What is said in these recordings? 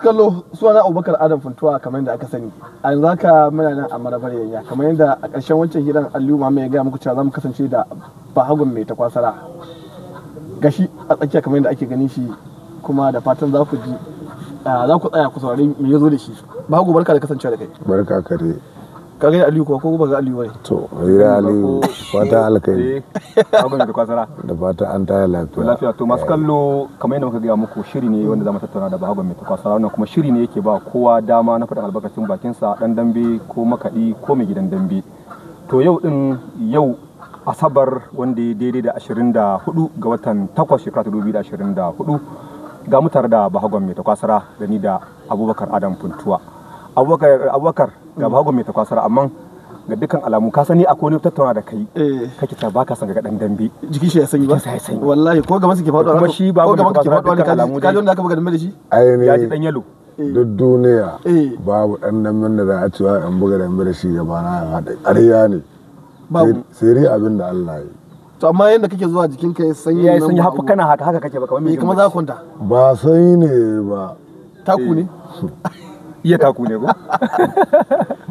kallo suna abubakar adam funtuwa kamar yadda aka sani a yanzu haka muna nan a marabar yanya kamar yadda a ƙarshen wancan hidan aliyu ma ya gaya muku cewa za mu kasance da bahagun mai takwasara gashi a tsakiya kamar yadda ake ganin shi kuma da fatan za ku ji ah, za ku tsaya ku saurari mai ya zo da shi bahagu barka da kasancewa da kai barka kare ka ga aliyu kuwa ko ba ga aliyu bai to hira aliyu fata alkai eh, abin da kwazara da fata an taya lafiya lafiya to masu eh. kallo kamar yadda muka gaya muku shiri ne wanda zamu tattauna da bahagon mai kwazara wannan kuma shiri ne yake ba kowa dama na faɗa albarkacin bakin sa dan dambe ko makadi ko mai gidan dambe to yau din yau asabar wanda ya daidai da 24 ga watan 8 shekara 2024 ga mutar da bahagon mai kwasara da ni da abubakar adam puntuwa abubakar ga bahagon mai takwasar amma ga dukkan alamu ka sani akwai wani tattauna da kai eh. kake ta baka san ga dan dambe jiki shi ya sanyi ba sai wallahi ko masa ke faɗo kuma shi ba ko masa ke faɗo ne alamu ka wanda aka buga dambe da shi ai ya ji dan yalo eh. duk duniya eh. babu dan dambe da za a ci an buga dambe da shi gaba na hada ƙarya ne sai dai abin da Allah ya yi to amma yadda kake zuwa jikin ka ya sanyi ya sanyi haka kana haka kake ba kamar me kuma za ka kwanta ba sanyi ne ba taku ne iya taku ne ko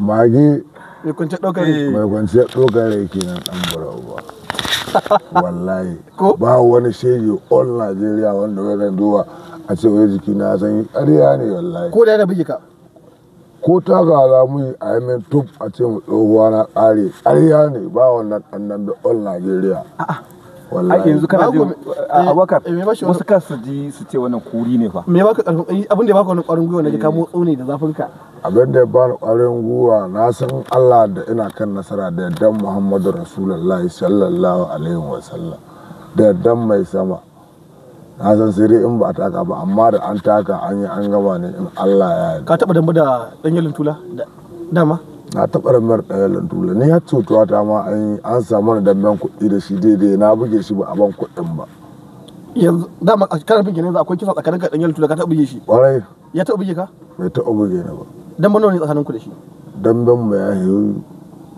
magi mai kwance ɗaukar mai kwance ɗaukar rai kenan ɗan burau wallahi ba wani shege all nigeria wanda wai zan zuwa a ce wai jiki na san ƙarya ne wallahi ko da yana bige ka ko ta ga alamu a yi min tub a ce mu tsohuwa na ƙare ƙarya ne ba wannan ɗan nan da all Najeriya wallahi yanzu kana jin abaka eh, eh, wasu kan su ji su ce wannan kuri ne fa me baka eh, abin da baka wani kwarin gwiwa naji ka motso ne da zafin ka abin da ba kwarin gwiwa na san Allah da ina kan nasara da dan Muhammadu Rasulullahi sallallahu alaihi wa sallam da dan mai sama na san sai in ba a ka ba amma da an taka an yi an gama ne in Allah ya yi ka taba damba da danyalin tula dama na taɓa ramar ɗaya lantula ni ya cutuwa ta ma an an samu da damben kuɗi da shi daidai na buge shi ba a ban kuɗin ba yanzu dama a kana bin yanzu akwai kisa tsakanin ka ɗanyar lantula ka taɓa buge shi ƙwarai ya taɓa buge ka bai taɓa buge ni ba dan nawa ne tsakanin ku da shi damben mu ya yi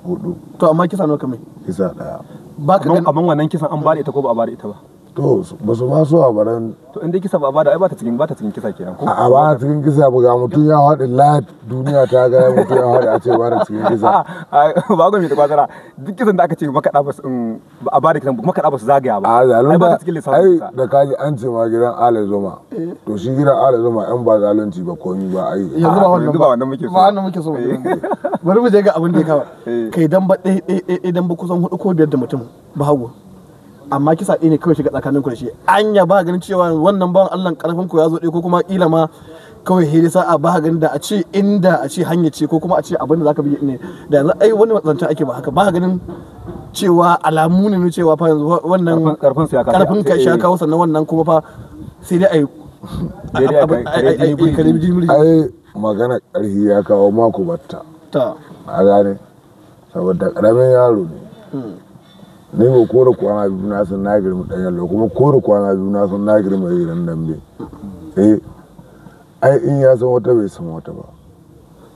hudu to amma kisa nawa kamar kisa ɗaya ba ka kaman wannan kisan an ba da ita ko ba a ba da ita ba to ba su ma so a baran to inda kisa ba bada ai ba ta cikin ba ta cikin kisa kenan ko a ba ta cikin kisa ba ga mutun ya haɗe live duniya ta ga mutun ya haɗe a ce ba ta cikin kisa ba ga mai ta kwazara duk kisan da aka ce makaɗa ba su a ba da kisan makaɗa ba su zagaya ba a zalun ba ai da kaji an ce ma gidan ala zoma eh. to shi gidan ala zoma an ba zalunci ba komi ba ai yanzu ba wannan ba wannan muke so ba wannan muke so eh. bari mu je ga abin da ya kawo eh. kai dan ba ɗaya ɗaya ɗaya dan ba kusan hudu ko biyar da mutum ba hagu amma kisa ɗaya ne kawai shiga tsakanin ku da shi anya ba ganin cewa wannan bawan Allah karfin ku ya zo ɗaya ko kuma kila ma kawai hiri sa'a ba ganin da a ce inda a ce hanya ce ko kuma a ce abin da zaka bi ne da yanzu ai wani zancen ake ba haka ba ganin cewa alamu ne cewa fa yanzu wannan karfin ka sha eh. kawo sannan wannan kuma fa sai dai ai ai magana karfi ya kawo mako batta a gane saboda karamin yaro ne hmm. ne ba ko da kwana biyu na san na girma ɗan yallo kuma ko da kwana biyu na san na girma irin dambe eh ai in ya san wata bai san wata ba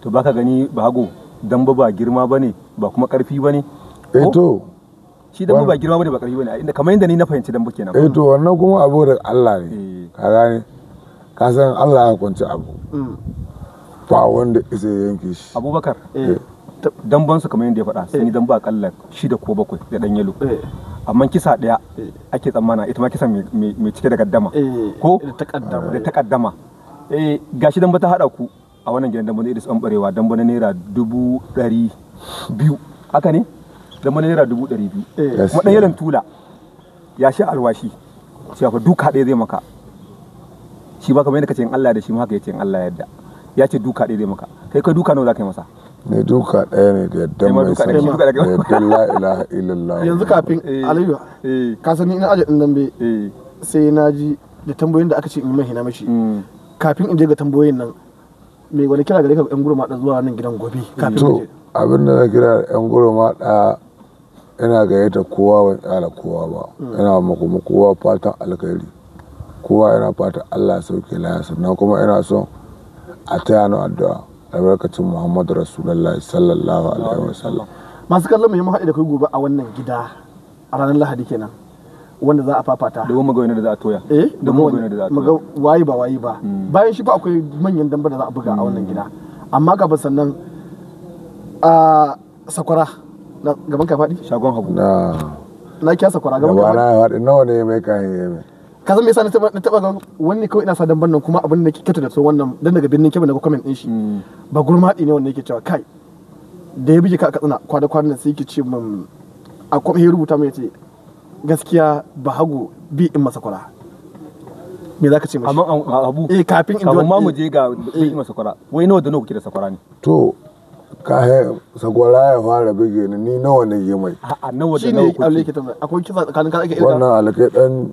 to baka gani bago dan ba girma bane ba kuma karfi bane eh to shi dan ba girma bane ba karfi bane inda kamar inda ni na fahimci dambe kenan eh to wannan kuma abu da Allah ne eh. ka gane ka san Allah ya kwanci abu mm. ba wanda isa yanke shi abubakar eh, eh damban su kamar yadda ya faɗa sun yi eh. damba akalla shida ko bakwai da dan yalo eh. amma kisa daya eh. ake tsammana ita ma kisa mai cike da gaddama ko da takaddama ga gashi damba ta haɗa ku a wannan gidan damba iris Idris barewa damba na naira dubu ɗari biyu haka ne damba na naira dubu ɗari biyu kuma dan yalon tula ya sha alwashi cewa duka ɗaya zai maka shi ba kamar yadda ce in Allah da shi ma haka ce in Allah yadda ya ce duka ɗaya zai maka kai ka duka nawa za ka yi masa ne duka ɗaya ne da yadda mai sani da yadda la ilaha illallah yanzu kafin eh, aliyu eh. ka sani ina ajiye ɗan dambe eh. sai na ji da tambayoyin da aka ce in mai hina mashi hmm. kafin in je ga tambayoyin nan me wani kira gare ka yan gurma da zuwa nan gidan gobe kafin to abin da na kira yan gurma da ina gayyata kowa ban tsara kowa ba hmm. ina maku kowa fatan alkhairi kowa yana fatan Allah sauke laya sannan kuma ina son a taya na addu'a albarkacin muhammadu Rasulallah. sallallahu alaihi wasallam masu kallon muhimman haɗe da kai gobe a wannan gida a ranar lahadi kenan wanda za a fafata da wani magawai da za a toya eh da wani da za a toya wayi ba wayi ba hmm. bayan shi ba akwai manyan damba da za a buga a wannan hmm. gida amma gaba sannan a sakwara gaban ka faɗi shagon hagu na na kiya sakwara gaban ka faɗi nawa ne mai kayan mai ka san me yasa na taba ga wani kawai ina sa dan bannan kuma abin da ke kyautu da so wannan dan daga birnin kebe daga comment din shi mm. ba gurmadi ne wanda yake cewa kai da ya bige ka katsina kwada kwana sai yake ce mun a kuma ya rubuta mai ce gaskiya ba hagu bi in masa kwara me za ka ce mashi amma abu eh kafin in amma mu je ga bi in masa kwara wai nawa da nawa da sakwara ne to sagwara ya fara bige ni nawa ne yi mai a nawa da nawa kuke akwai kisa tsakanin ka ake wannan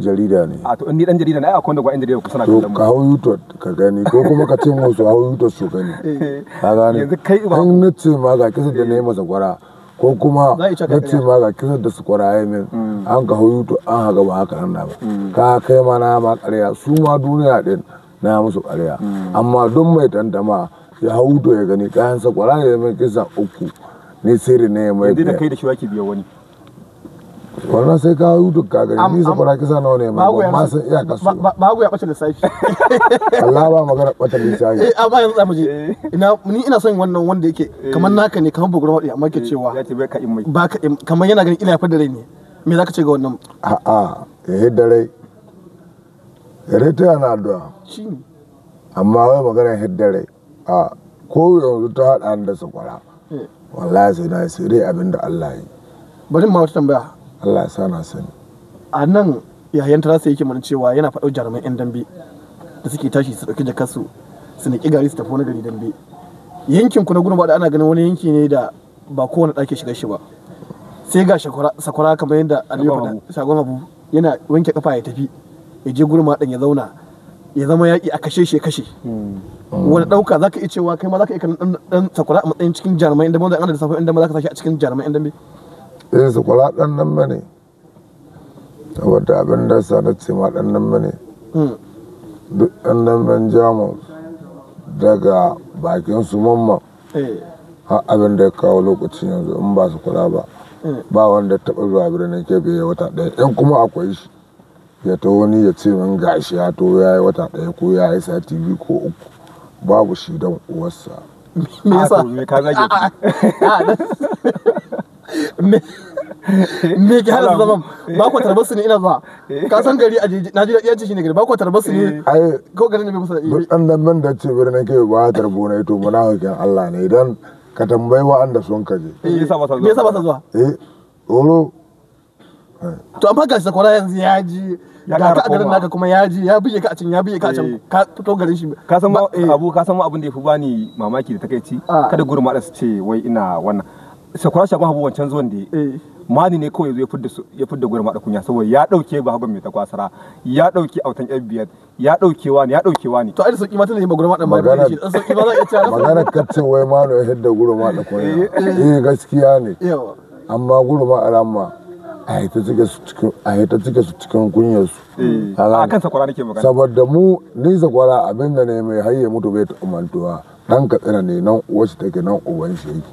jarida ne a to ni dan jarida ne ai akwai wanda gwa'in jarida ku suna kallon ka hau youtube ka gani ko kuma ka ce musu hau youtube su gani eh, ka gani yanzu kai ba in ce ma ga kisa da nayi eh. masa gwara ko kuma ce ma ga kisa da su gwara yayi min hmm. an ka hau youtube an haga ba haka nan ba hmm. ka kai ma na ma ƙarya su ma duniya din na musu ƙarya hmm. amma don mai tantama ya hau to ya gani kayan sa gwara yayi min kisa uku ne sirri ne mai da kai da shi wake biya wani wannan sai ka hutu ka gari ni sakwara kisa nawa ne ma Ma san iya kasu ba ya da sashi Allah ba magana bace lissafi eh amma yanzu zamu je eh. ina ni ina son wannan wanda yake eh. kamar naka ne kamar bugurwa wadi amma ke eh, cewa ya ce bai ka in mai ba ka kamar yana ganin ina fadda rai ne me zaka ce ga wannan a a eh da rai rai ta yana da amma wai magana hidda rai a ko yanzu ta hada da sakwara wallahi sai na sai dai abinda Allah yi bari ma wata tambaya Allah ya sa sani a nan yayin tarasa yake mana cewa yana faɗo jaruman yan dambe da suke tashi su ɗauki jakarsu su niki gari su tafi wani gari dambe yankin ku na gudun ana ganin wani yanki ne da ba kowane ɗake shiga shi ba sai ga sakwara kamar yadda aliyu faɗa shagon abu yana wanke kafa ya tafi ya je gurma ɗan ya zauna ya zama yaƙi a kashe shi kashe hmm. wani ɗauka zaka iya cewa kai ma zaka iya kan ɗan sakwara a matsayin cikin jarumai inda ma an da safa inda ma zaka sashi a cikin jarumai inda zai eh, su kula ɗan nan mane saboda abin da sa na ce ma ɗan nan mane hmm. duk ɗan nan man jamus daga bakin su mamma eh. har abin da ya kawo lokacin yanzu in ba su kula ba hmm. ba wanda taɓa zuwa birnin kebe ya wata ɗaya in kuma akwai shi ya ta wani ya ce min gashi ya to ya yi wata ɗaya ko ya yi sati biyu ko uku babu shi don uwarsa me yasa me ka me ke hana zaman ba ku tarbar su ne ina ba eh. ka san gari a na ji daɗi shi ne gari ba ku tarbar su ne eh. ko garin da bai musu da duk dan nan da ce birnin ke ba tarbo ne to Allah ne idan ka tambayi wa'anda sun kaje eh, me yasa ba sa zuwa eh oro to amma gashi sakwara yanzu ya ji ya ka garin naka kuma ya ji ya buge ka a can ya buge ka a can ka fito garin shi ka san abu ka san abin da yafi bani mamaki da takeici ah. kada gurma da su ce wai ina wannan sakwara shagon hagu wancan zuwan da eh. mani ne kawai ya ya fidda gurin maɗa kunya saboda ya ɗauke ba hagun mai takwasara ya ɗauke autan yan biyar ya ɗauke wa ne ya ɗauke wa ne to ai da sauki ma tana yin gurin maɗa mai da shi dan sauki ma za ka ci magana kaccin wai mano ya hidda gurin maɗa kunya eh, eh gaskiya ne amma gurin ma alamma a hita cike su cikin a haita cike su cikin kunyar su eh. a kan sakwara nake magana saboda mu ni sakwara abinda ne mai hayye mutu bai ta umantuwa ka tsena ne nan uwarsa take nan uban shi yake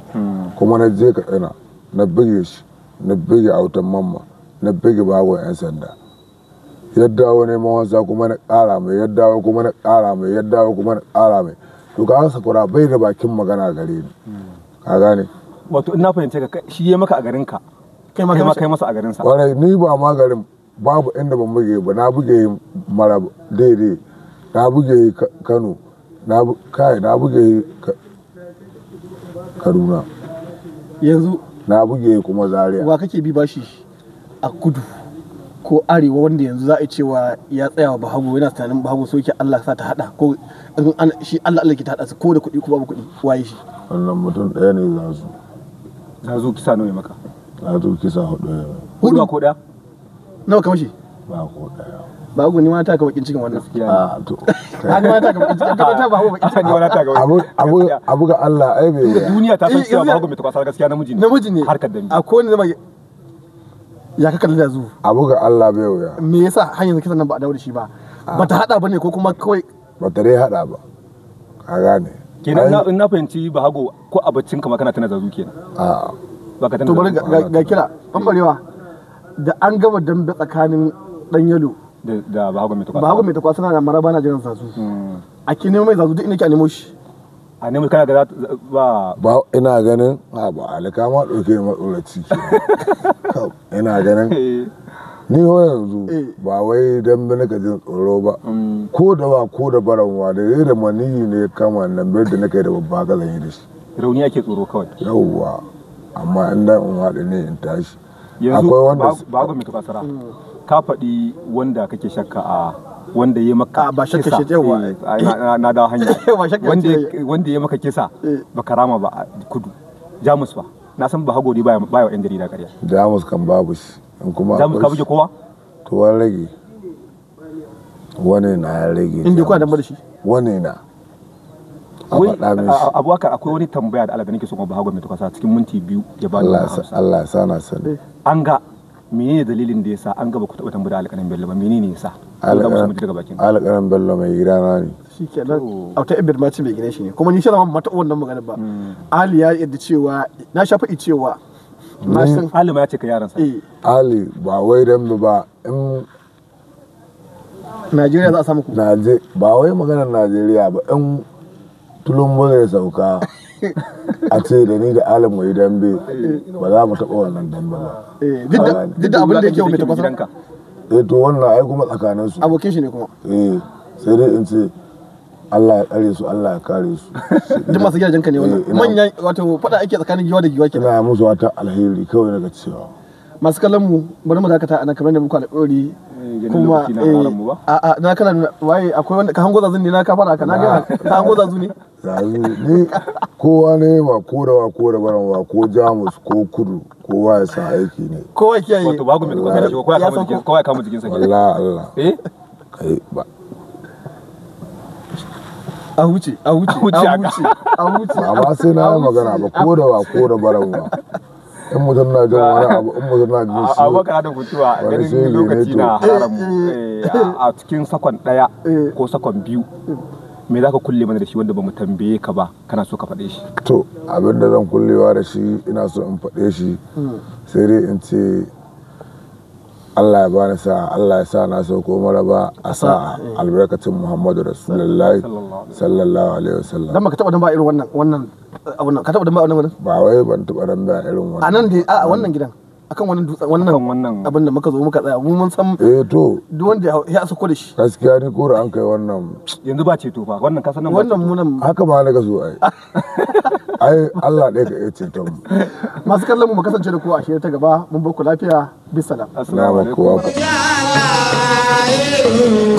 kuma na je ka tsena na bige shi na bige autan mamma na bige babu yan sanda yadda wani wasa kuma na ƙara mai yadda kuma na ƙara mai yadda kuma na ƙara mai to ka hasa kura bai da bakin magana gare ni ka gane wato ina fahimce ka shi ya maka a garin ka kai ma kai masa a garin sa kwarai ni ba ma garin babu inda ban buge ba na buge mara daidai na buge Kano kai na buge Kaduna. Yanzu na buge kuma Zaria. Wa kake bi bashi a kudu ko arewa wanda yanzu za a cewa ya tsaya wa Bahago yana tunanin Bahago so yake Allah sa ta hada ko shi Allah Allah ke ta hada su ko da kuɗi ko babu kuɗi waye shi. Wannan mutum ɗaya ne za su. Za zo kisa nawa maka? Za kisa hudu. Hudu ko ɗaya? Nawa kamar shi? Ba ko ɗaya. ba ku ni ma ta ka bakin cikin wannan a to ka ga ta ka bakin cikin ka ta ba ku bakin cikin wannan ta ga abu abu abu ga Allah ai bai duniya ta san eh, cewa ba ku mai kwasa gaskiya namiji ne namiji ne harkar da ni a kowane zama ya ka kalli da zu abu ga Allah bai wuya me yasa hanyar yanzu kisan nan ba a dawo da shi ba ah. ba ta hada ba ne ko kuma kawai ba ta dai hada ba ka gane kenan na fahimci ba hago ko a kama kana tana zazu kenan a ah. ba ka tana to bari ga kira bambarewa da an gama dambe tsakanin dan yalo da bahago mai tukwa bahago mai da maraba na jiran zazu hmm. a ki nemo mai zazu duk inda ki a nemo shi a nemo kana ga ba ba ina ganin ha ba alaka ma dauke matsoraci ina ganin eh. ni ho yanzu eh. ba wai dan bi ka jin tsoro ba hmm. ko da ba ko da wa da da maniyi ne kama nan bai da nake da babba ga yi da shi rauni yake tsoro kawai yawwa amma an da in haɗu ne in tashi akwai wanda ba ga mai tukasara hmm. ka faɗi wanda kake shakka a wanda ya maka ba shakka shi yawa eh, na da hanya wanda ya maka kisa eh. ba karama ba a kudu jamus ba na san ba hagori ba baya yan jarida ƙarya jamus kan babu shi in kuma jamus ka buge kowa to wani rage wani na ya rage inda kwa da shi wani na abubakar akwai wani tambaya da alaga nake son ba hagori mai tukasa cikin minti biyu ya ba Allah sana sani eh. an ga menene dalilin da yasa an gaba ku taɓa tambayar alƙalan bello ba menene yasa an gaba mu daga bakin alƙalan bello mai na ne a wata ibir ma ce mai gina shi ne kuma ni shi ma ta wannan magana ba hmm. ali ya yadda cewa na sha faɗi cewa hmm. na san ali ma ya ce ka yaran sa eh. ali ba wai dan ba in Najeriya za a samu ku. Ba wai maganar Najeriya ba in tulumbo zai sauka a ce da ni da alam mai dambe ba za mu taɓa wannan dambe ba eh, duk da abin da yake mai tabbata eh to wannan ai kuma tsakanin su abokin shi ne kuma eh sai dai in ce Allah ya kare su Allah ya kare su duk masu gidajen ka ne wannan eh, manyan wato fada ake tsakanin giwa da giwa ke. ina musu wata alheri kawai daga cewa masu kallon mu bari mu dakata ana kamar da muku alƙawari kuma eh a'a na kana waye akwai wanda ka hango zazu ne na ka fara ka na ga ka hango zazu ne zazu ne kowa ne ba ko da ba ko da baran ba ko jamus ko kudu kowa ya sa aiki ne kowa ke yi ba ku mai kuka da kowa ya kama jikin kowa ya kama jikin sa Allah Allah eh kai ba a huce a huce a huce a huce ba sai na yi magana ba ko da ba ko da baran ba in mutum na jin wani abu in mutum na jin shi abokan da gutuwa ganin lokaci na haramu eh, eh, eh. a cikin sakon daya ko sakon biyu me za ka kulle mana da shi wanda ba mu tambaye ka ba kana so ka faɗe shi to abin da zan kullewa da shi ina so in faɗe shi hmm. sai dai in ce Allah ya bani sa Allah ya sa na so ko maraba a sa eh. albarkacin Muhammadu Rasulullahi sallallahu alaihi wasallam dan ka taba dan ba irin wannan wannan eh, ka taba dan ba wannan ba wai ban taba dan ba irin wannan a nan dai a wannan gidan akan wannan dutsen wannan abin da muka zo muka tsaya mu mun san eh to duk wanda ya sako da shi gaskiya ni kora an kai wannan yanzu ba ceto fa wannan ka sanan wannan mu nan haka ba na gazo ai ai Allah ɗaya ka iya ceto mu masu kallon mu mu kasance da ku a shirye ta gaba mun bar ku lafiya bisalam assalamu alaikum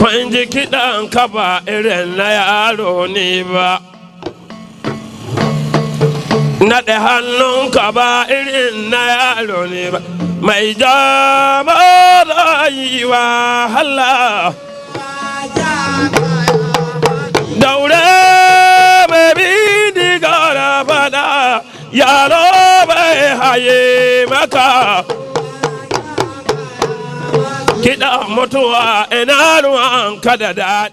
kun ji kiɗan ka ba irin na yaro ne ba naɗe hannunka ba irin na yaro ne ba mai jama rayuwa hala daure mai bi diga da yaro bai haye maka kiɗa mutuwa ina ruwan ka da daɗi